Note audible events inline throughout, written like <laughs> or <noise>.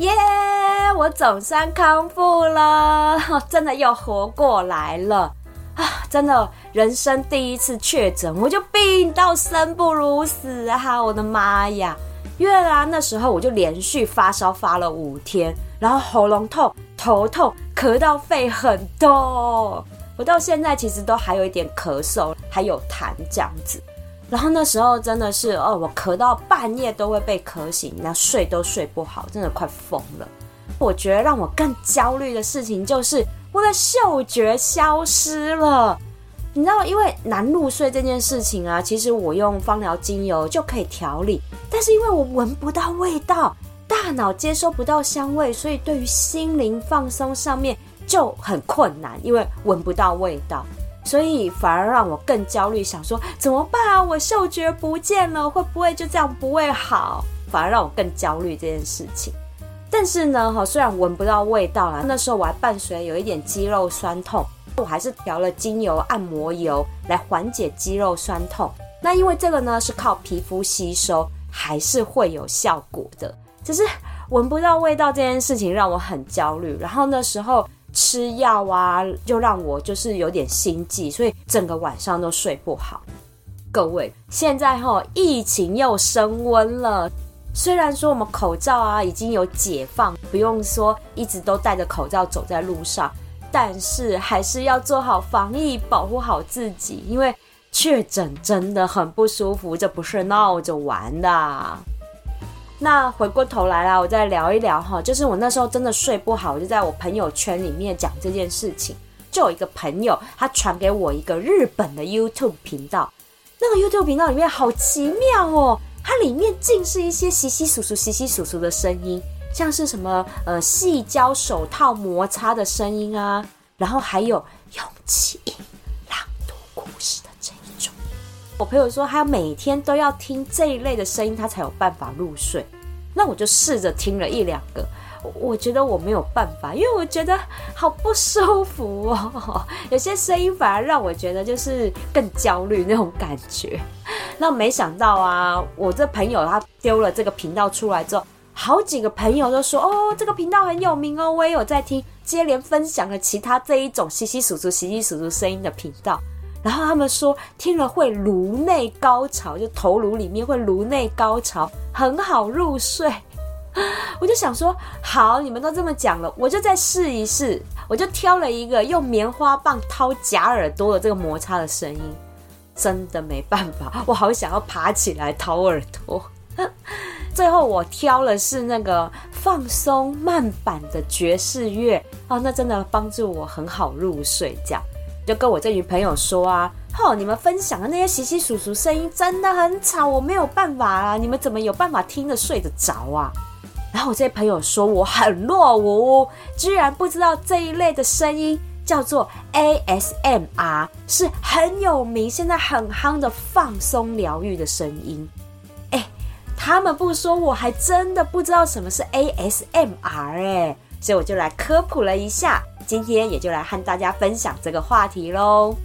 耶，yeah！我總算康復了，真的又活過來了啊！真的，人生第一次確診，我就病到生不如死啊！我的媽呀！越南那時候我就連續發燒發了五天，然後喉嚨痛、頭痛、咳到肺很痛，我到現在其實都還有一點咳嗽，還有痰這樣子。然後那時候真的是哦，我咳到半夜都會被咳醒，那睡都睡不好，真的快瘋了。我覺得讓我更焦慮的事情就是我的嗅覺消失了，你知道因為難入睡這件事情啊，其實我用芳療精油就可以調理，但是因為我聞不到味道，大腦接收不到香味，所以對於心靈放鬆上面就很困難，因為聞不到味道。所以反而讓我更焦慮，想說怎麼辦啊？我嗅覺不見了，會不會就這樣不會好？反而讓我更焦慮這件事情。但是呢，哈，雖然聞不到味道啦，那時候我還伴隨有一點肌肉痠痛，我還是調了精油按摩油來緩解肌肉痠痛。那因為這個呢是靠皮膚吸收，還是會有效果的。只是聞不到味道這件事情讓我很焦慮。然後那時候。吃藥啊，就讓我就是有點心悸，所以整個晚上都睡不好。各位，現在、哦、疫情又升溫了，雖然說我們口罩啊已經有解放，不用說一直都戴着口罩走在路上，但是還是要做好防疫，保護好自己，因為確診真的很不舒服，這不是鬧着玩的。那回過頭來啦，我再聊一聊哈，就是我那時候真的睡不好，我就在我朋友圈裡面講這件事情，就有一個朋友他傳給我一個日本的 YouTube 頻道，那個 YouTube 頻道裡面好奇妙哦，它裡面竟是一些稀稀疏疏、稀稀疏疏的聲音，像是什麼呃，細膠手套摩擦的聲音啊，然後還有勇氣。我朋友說，他每天都要聽這一類的聲音，他才有辦法入睡。那我就試着聽了一兩個，我覺得我沒有辦法，因為我覺得好不舒服哦。有些聲音反而讓我覺得就是更焦慮那種感覺。那沒想到啊，我這朋友他丟了這個頻道出來之後，好幾個朋友都說：“哦，這個頻道很有名哦，我也有在聽。”接連分享了其他這一種窸窸窣窣、窸窸窣窣聲音的頻道。然後他們說聽了會顱內高潮，就頭顱裡面會顱內高潮，很好入睡。 <laughs> 我就想說，好，你們都這麼講了，我就再試一試。我就挑了一個用棉花棒掏假耳朵的這個摩擦的聲音，真的沒辦法，我好想要爬起來掏耳朵。 <laughs> 最後我挑了是那個放鬆慢板的爵士樂啊，那真的幫助我很好入睡這樣。就跟我這群朋友說啊，吼、哦，你們分享的那些窸窸窣窣聲音真的很吵，我沒有辦法啊！你們怎麼有辦法聽得睡得着啊？然後我這些朋友說我很落伍，居然不知道這一類的聲音叫做 ASMR，是很有名，現在很夯的放鬆療癒的聲音。他們不說我，我還真的不知道什麼是 ASMR 哎、欸，所以我就來科普了一下。今天也就來和大家分享這個話題咯。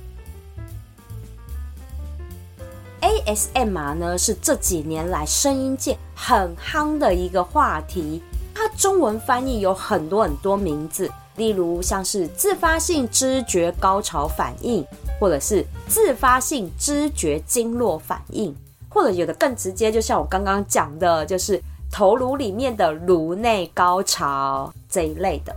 ASMR 呢是這幾年來聲音界很夯的一個話題。它中文翻譯有很多很多名字，例如像是自發性知覺高潮反應，或者是自發性知覺經絡反應，或者有的更直接，就像我剛剛講的，就是頭顱裡面的顱內高潮這一類的。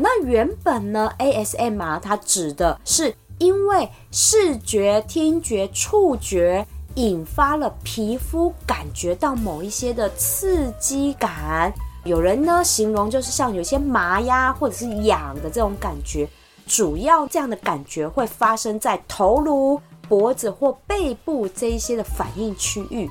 那原本呢，ASMR 它指的是因為視覺、聽覺、觸覺引發了皮膚感覺到某一些的刺激感。有人呢形容就是像有些麻呀，或者是癢的這種感覺。主要這樣的感覺會發生在頭顱、脖子或背部這一些的反應區域。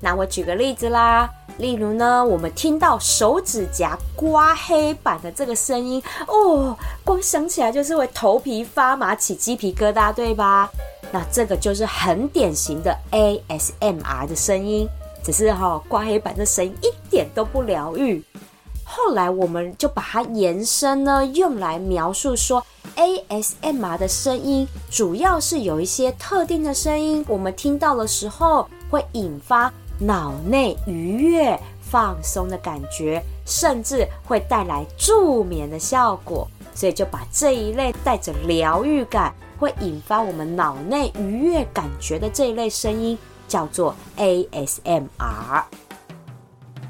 那我舉個例子啦。例如呢，我們聽到手指甲刮黑板的這個聲音，哦，光想起來就是會頭皮發麻，起雞皮疙瘩，對吧？那這個就是很典型的 ASMR 的聲音，只是哈、哦、刮黑板的聲音一點都不療癒。後來我們就把它延伸呢，用來描述說 ASMR 的聲音，主要是有一些特定的聲音，我們聽到的時候會引發。腦內愉悅放鬆的感覺，甚至會帶來助眠的效果，所以就把這一類帶着療癒感、會引發我們腦內愉悅感覺的這一類聲音，叫做 ASMR。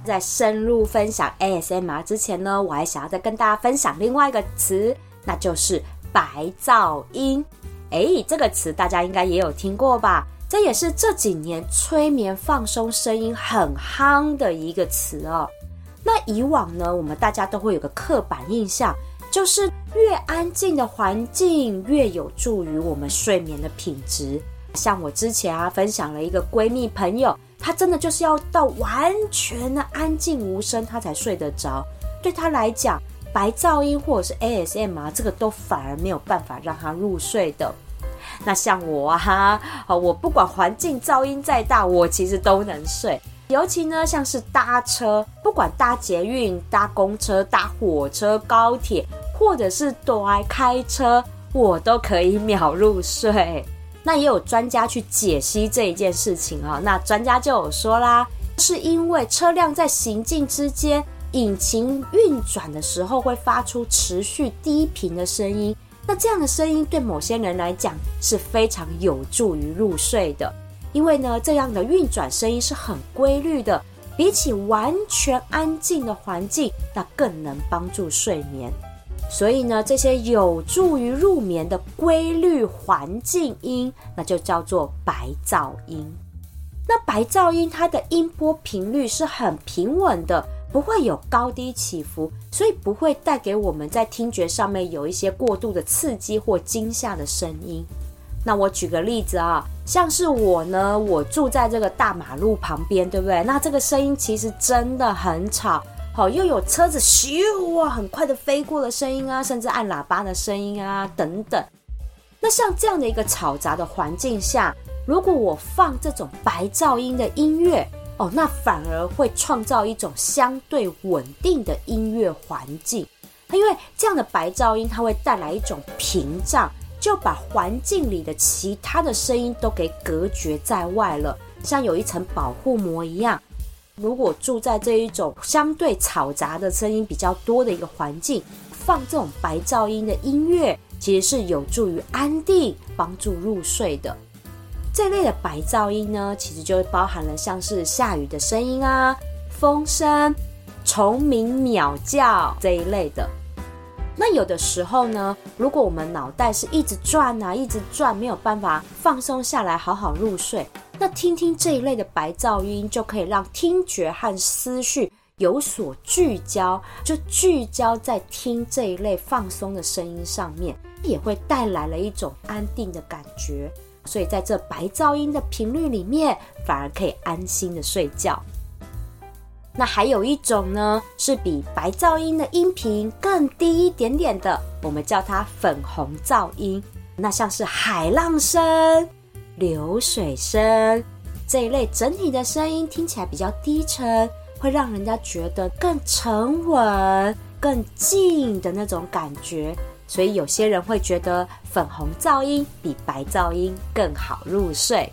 在深入分享 ASMR 之前呢，我還想要再跟大家分享另外一個詞，那就是白噪音。誒，這個詞大家應該也有聽過吧？這也是這幾年催眠放鬆聲音很夯的一個詞哦。那以往呢，我們大家都會有個刻板印象，就是越安靜的環境越有助於我們睡眠的品質。像我之前啊分享了一個閨蜜朋友，她真的就是要到完全的安靜無聲，她才睡得着。對她來講，白噪音或者是 ASMR 啊，這個都反而沒有辦法讓她入睡的。那像我哈、啊，我不管環境噪音再大，我其實都能睡。尤其呢，像是搭車，不管搭捷運、搭公車、搭火車、高鐵，或者是多愛開車，我都可以秒入睡。那也有專家去解析這一件事情啊。那專家就有說啦，是因為車輛在行進之間，引擎運轉的時候會發出持續低頻的聲音。那這樣的聲音對某些人來講是非常有助於入睡的，因為呢，這樣的運轉聲音是很規律的，比起完全安靜的環境，那更能幫助睡眠。所以呢，這些有助於入眠的規律環境音，那就叫做白噪音。那白噪音它的音波頻率是很平穩的。不會有高低起伏，所以不會帶給我們在聽覺上面有一些過度的刺激或驚嚇的聲音。那我舉個例子啊、哦，像是我呢，我住在這個大馬路旁邊，對不對？那這個聲音其實真的很吵，好、哦，又有車子咻啊，很快的飛過的聲音啊，甚至按喇叭的聲音啊，等等。那像這樣的一個吵雜的環境下，如果我放這種白噪音的音樂。哦，那反而會創造一種相對穩定的音樂環境。因為這樣的白噪音，它會帶來一種屏障，就把環境裡的其他的聲音都給隔絕在外了，像有一層保護膜一樣。如果住在這一種相對吵雜的聲音比較多的一個環境，放這種白噪音的音樂，其實是有助於安定、幫助入睡的。這一類的白噪音呢，其實就包含了像是下雨的聲音啊、風聲、蟲鳴、鳥叫這一類的。那有的時候呢，如果我們腦袋是一直轉啊、一直轉，沒有辦法放鬆下來好好入睡，那聽聽這一類的白噪音，就可以讓聽覺和思緒有所聚焦，就聚焦在聽這一類放鬆的聲音上面，也會帶來了一種安定的感覺。所以在這白噪音的頻率裡面，反而可以安心的睡覺。那還有一種呢，是比白噪音的音頻更低一點點的，我們叫它粉紅噪音。那像是海浪聲、流水聲這一類，整體的聲音聽起來比較低沉，會讓人家覺得更沉穩、更靜的那種感覺。所以有些人會覺得粉紅噪音比白噪音更好入睡。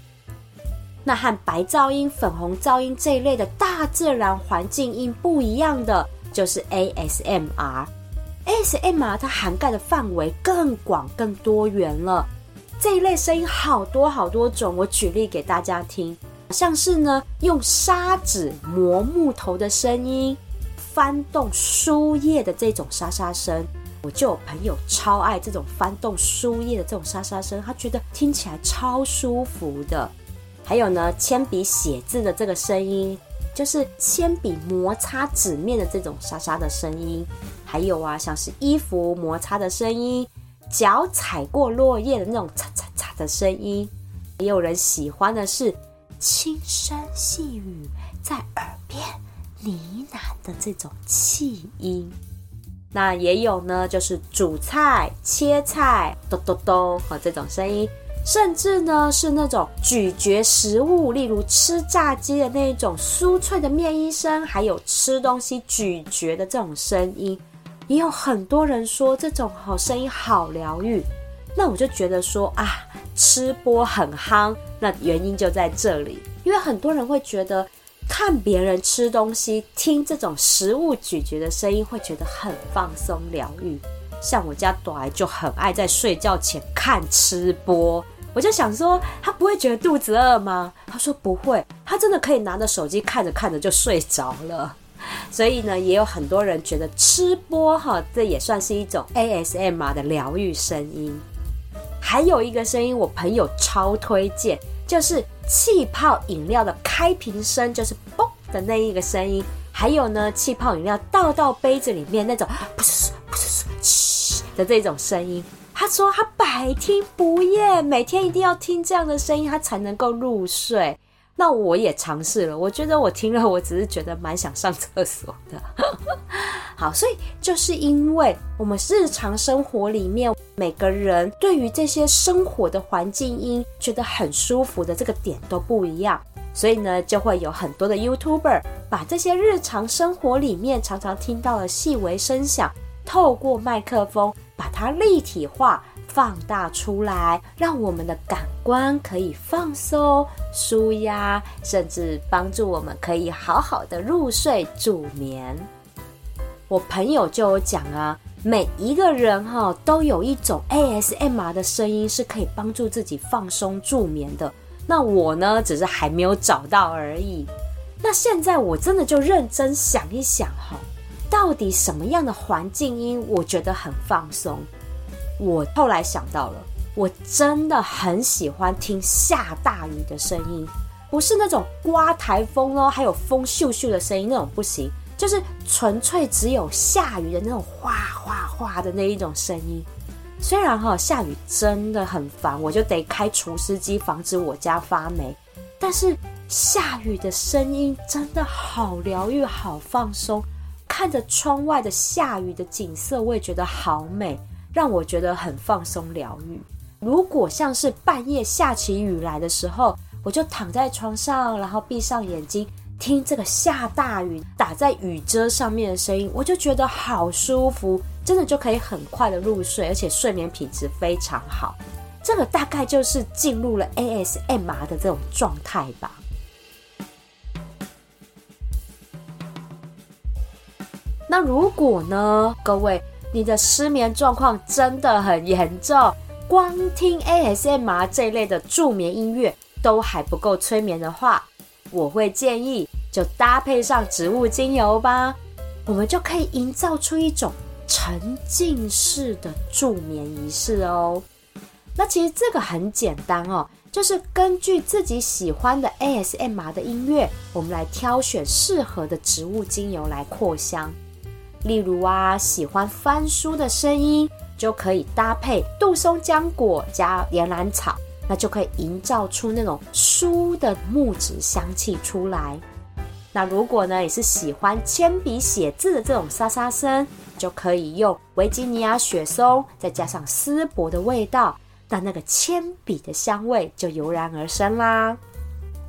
那和白噪音、粉紅噪音這一類的大自然環境音不一樣的，就是 ASMR。ASMR 它涵蓋的範圍更廣、更多元了。這一類聲音好多好多種，我舉例給大家聽，像是呢，用砂紙磨木頭的聲音，翻動書頁的這種沙沙聲。我就有朋友超愛這種翻動書頁的這種沙沙聲，他覺得聽起來超舒服的。還有呢，鉛筆寫字的這個聲音，就是鉛筆摩擦紙面的這種沙沙的聲音。還有啊，像是衣服摩擦的聲音，腳踩過落葉的那種嚓嚓嚓的聲音。也有人喜歡的是輕聲細語在耳邊呢喃的這種氣音。那也有呢，就是煮菜、切菜，咚咚咚和、哦、這種聲音，甚至呢是那種咀嚼食物，例如吃炸雞的那種酥脆的麵衣聲，還有吃東西咀嚼的這種聲音，也有很多人說這種好、哦、聲音好療癒。那我就覺得說啊，吃播很夯，那原因就在這裡，因為很多人會覺得。看別人吃東西，聽這種食物咀嚼的聲音，會覺得很放鬆療癒。像我家朵兒就很愛在睡覺前看吃播，我就想說他不會覺得肚子餓嗎？他說不會，他真的可以拿着手機看着看着就睡着了。所以呢，也有很多人覺得吃播哈，這也算是一種 ASMR 的療癒聲音。還有一個聲音，我朋友超推薦，就是。氣泡飲料的開瓶聲就是“嘣”的那一個聲音，還有呢，氣泡飲料倒到杯子裡面那種“噗嗤噗嗤”的這種聲音，他說他百聽不厭，每天一定要聽這樣的聲音，他才能夠入睡。那我也嘗試了，我覺得我聽了，我只是覺得蠻想上廁所的。 <laughs> 好，所以就是因為我們日常生活裡面每個人對於這些生活的環境音覺得很舒服的這個點都不一樣，所以呢，就會有很多的 YouTuber 把這些日常生活裡面常常聽到的細微聲響，透過麥克風把它立體化、放大出來，讓我們的感官可以放鬆、舒壓，甚至幫助我們可以好好的入睡、助眠。我朋友就有講啊，每一個人哈都有一種 ASMR 的聲音是可以幫助自己放鬆助眠的。那我呢，只是還沒有找到而已。那現在我真的就認真想一想哈。到底什麼樣的環境音我覺得很放鬆？我後來想到了，我真的很喜歡聽下大雨的聲音，不是那種颳颱風咯、哦，還有風咻咻的聲音那種不行，就是純粹只有下雨的那種嘩嘩嘩的那一種聲音。雖然哈下雨真的很煩，我就得開除濕機防止我家發霉，但是下雨的聲音真的好療癒，好放鬆。看着窗外的下雨的景色，我也覺得好美，讓我覺得很放鬆療癒。如果像是半夜下起雨來的時候，我就躺在床上，然後閉上眼睛，聽這個下大雨打在雨遮上面的聲音，我就覺得好舒服，真的就可以很快的入睡，而且睡眠品質非常好。這個大概就是進入了 ASMR 的這種狀態吧。那如果呢，各位，你的失眠狀況真的很嚴重，光聽 ASMR 這類的助眠音樂都還不夠催眠的話，我會建議就搭配上植物精油吧，我們就可以營造出一種沉浸式的助眠儀式哦。那其實這個很簡單哦，就是根據自己喜歡的 ASMR 的音樂，我們來挑選適合的植物精油來擴香。例如啊，喜歡翻書的聲音，就可以搭配杜松漿果加岩蘭草，那就可以營造出那種書的木質香氣出來。那如果呢，也是喜歡鉛筆寫字的這種沙沙聲，就可以用維吉尼亞雪松再加上絲柏的味道，那那個鉛筆的香味就油然而生啦。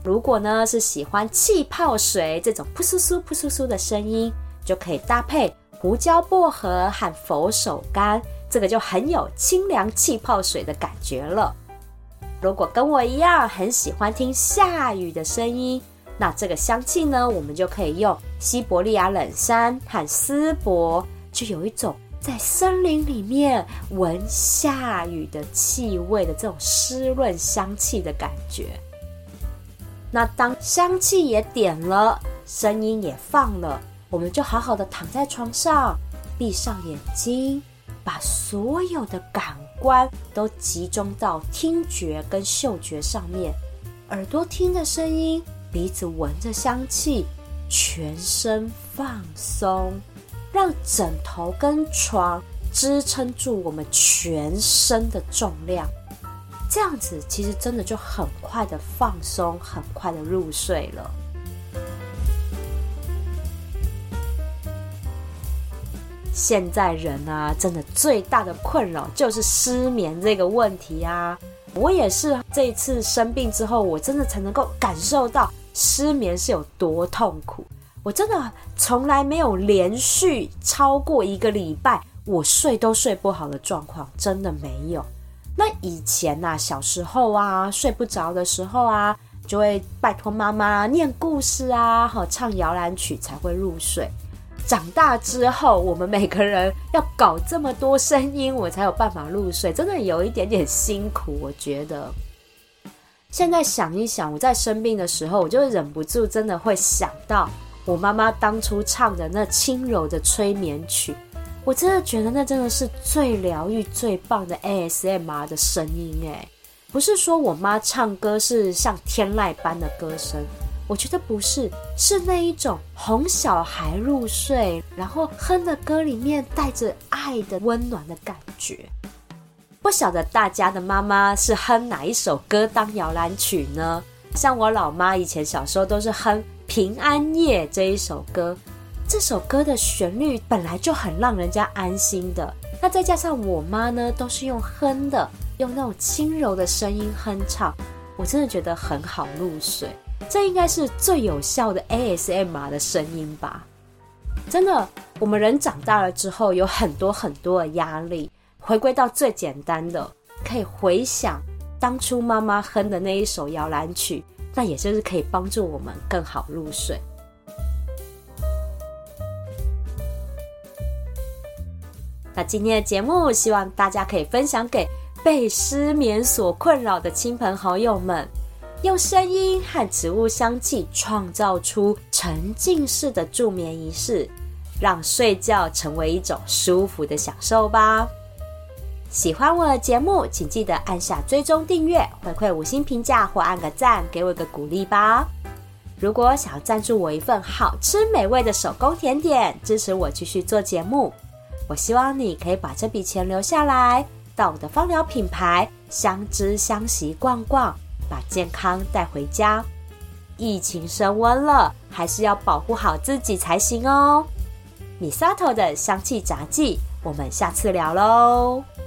如果呢是喜歡氣泡水這種噗蘇蘇噗蘇蘇的聲音，就可以搭配。胡椒、薄荷和佛手柑，這個就很有清涼氣泡水的感覺了。如果跟我一樣很喜歡聽下雨的聲音，那這個香氣呢，我們就可以用西伯利亞冷杉和絲柏，就有一種在森林裡面聞下雨的氣味的這種濕潤香氣的感覺。那當香氣也點了，聲音也放了，我們就好好的躺在床上，閉上眼睛，把所有的感官都集中到聽覺跟嗅覺上面，耳朵聽着聲音，鼻子聞着香氣，全身放鬆，讓枕頭跟床支撐住我們全身的重量，這樣子其實真的就很快的放鬆，很快的入睡了。現在人啊，真的最大的困擾就是失眠這個問題啊。我也是這一次生病之後，我真的才能夠感受到失眠是有多痛苦。我真的從來沒有連續超過一個禮拜我睡都睡不好的狀況，真的沒有。那以前啊，小時候啊，睡不着的時候啊，就會拜託媽媽念故事啊，唱搖籃曲才會入睡。長大之後，我們每個人要搞這麼多聲音，我才有辦法入睡，真的有一點點辛苦。我覺得，現在想一想，我在生病的時候，我就忍不住真的會想到我媽媽當初唱的那輕柔的催眠曲。我真的覺得那真的是最療癒、最棒的 ASMR 的聲音誒。不是說我媽唱歌是像天籟般的歌聲。我覺得不是，是那一種哄小孩入睡，然後哼的歌裡面帶着愛的溫暖的感覺。不曉得大家的媽媽是哼哪一首歌當搖籃曲呢？像我老媽以前小時候都是哼《平安夜》這一首歌，這首歌的旋律本來就很讓人家安心的。那再加上我媽呢，都是用哼的，用那種輕柔的聲音哼唱，我真的覺得很好入睡。這應該是最有效的 ASMR 的聲音吧？真的，我們人長大了之後，有很多很多的壓力。回歸到最簡單的，可以回想當初媽媽哼的那一首搖籃曲，那也就是可以幫助我們更好入睡。那今天的節目，希望大家可以分享給被失眠所困擾的親朋好友們。用聲音和植物香氣創造出沉浸式的助眠儀式，讓睡覺成為一種舒服的享受吧。喜歡我的節目，請記得按下追蹤訂閱，回饋五星評價或按個讚，給我個鼓勵吧。如果想要贊助我一份好吃美味的手工甜點，支持我繼續做節目，我希望你可以把這筆錢留下來到我的芳療品牌“香知香息”逛逛。把健康帶回家，疫情升溫了，還是要保護好自己才行哦。米薩托的香氣雜記，我們下次聊嘍。